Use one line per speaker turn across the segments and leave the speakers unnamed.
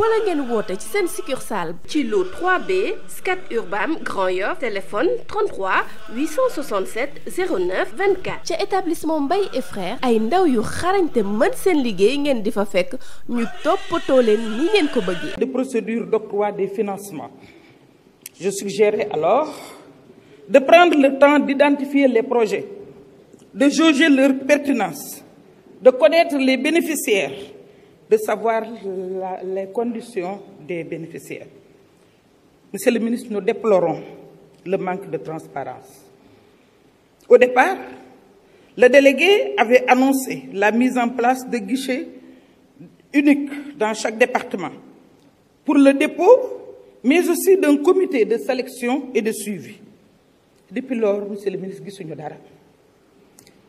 wala ngeen woote ci seen succursale ci lu 3B Scat Urbam Grand Yoff téléphone 33 867 09 24 ca établissement Mbaye et frères ay ndaw yu xarañ te mën seen liggéey ngeen di fa fekk ñu toppatoo leen ngeen ko bëggee de procédure
d'octroi de financement je suggérais alors de prendre le temps d'identifier les projets de jauger leur pertinence de connaître les bénéficiaires de savoir la, les conditions des bénéficiaires. Monsieur le ministre, nous déplorons le manque de transparence. Au départ, le délégué avait annoncé la mise en place de guichets uniques dans chaque département pour le dépôt, mais aussi d'un comité de sélection et de suivi. Depuis lors, monsieur le ministre, gisuñu dara.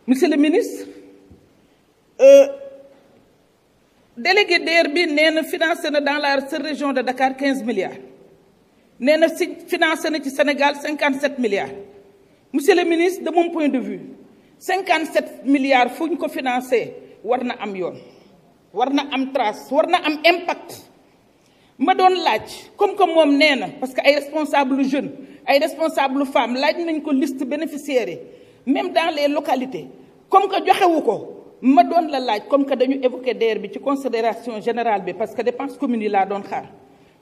Monsieur le ministre, euh, délégué DER bi nee na financé na dans la seule région de Dakar 15 milliards nee na si financé na ci Sénégal 57 milliards monsieur le ministre de mon point de vue 57 milliards fu ñu ko financé war na am yoon war na am trace war na am impact ma doon laaj comme que moom nee na parce que ay responsable jeune ay responsable femme laaj nañ ko liste bénéficiaires yi même dans les localités comme que joxewu ko ma doon la laaj comme que dañu évoqué DER bi ci considération générale bi parce que dépense commune yi laa doon xaar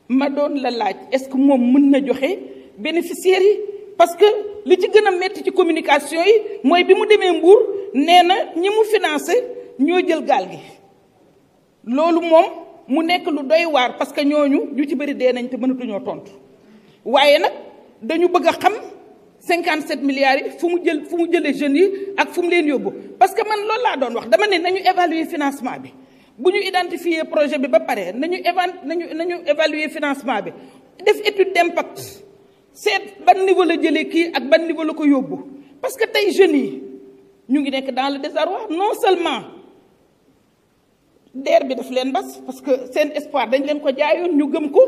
ma doon la laaj est-ce que moom mun na joxe bénéficiaires yi parce que li ci gën a métti ci communication yi mooy bi mu demee Mbour nee na ñi mu financé ñoo jël gaal gi loolu moom mu nekk lu doy waar parce que ñooñu lu ci bëri dee nañ te mënatuñoo tontu waaye nag dañu bëgg a xam. 57 milliards yi fu mu jël fu mu jëlee jeunes yi ak fu leen yóbbu parce que man loolu laa doon wax dama ne nañu évaluer financement bi bu ñu identifier projet bi ba pare nañu éva nañu nañu évaluer financement bi def étude d'impact seet ban niveau la jëlee kii ak ban niveau la ko yóbbu parce que tey jeunes yi ñu ngi nekk dans le désarroi non seulement DER bi daf leen mbas parce que seen espoir dañ leen ko jaayoon ñu gëm ko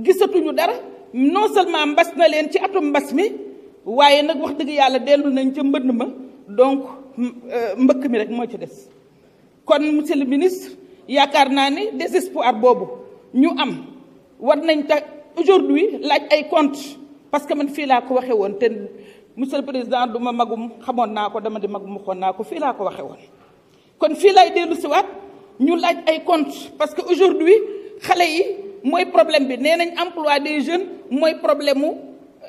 gisatuñu dara non seulement mbas na leen ci atum mbas mi. waaye nag wax dëgg yàlla dellu nañ ca mbënn ma donc euh, mbëkk mi rek moo ci des kon monsieur le ministre yaakaar naa ni désespoir boobu ñu am war nañ tax aujourd'hui laaj ay compte parce que man fii laa ko waxee woon te monsieur le président du ma magum xamoon naa ko dama di magum waxoon naa ko fii laa ko waxe woon kon fii laay dellu si waat ñu laaj ay compte parce que aujourd'hui xale yi mooy problème bi nee nañ emploi des jeunes mooy problème mu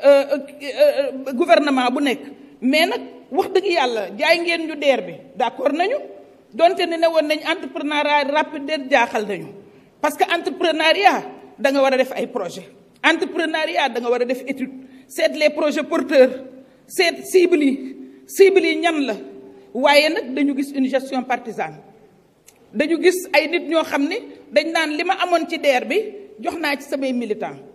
Euh, euh, gouvernement bu nekk mais nag wax dëgg yàlla jaay ngeen ñu deer bi d'accord nañu donte ni ne woon nañ entrepreneuriat rapide jaaxal nañu parce que entrepreneuriat da nga war a def ay projet entrepreneuriat da nga war a def étude seet les projets porteurs seet cibles yi cibles yi ñan la waaye nag dañu gis une gestion partisane dañu gis ay nit ñoo xam ni dañ naan li ma amoon ci deer bi jox naa ci samay militants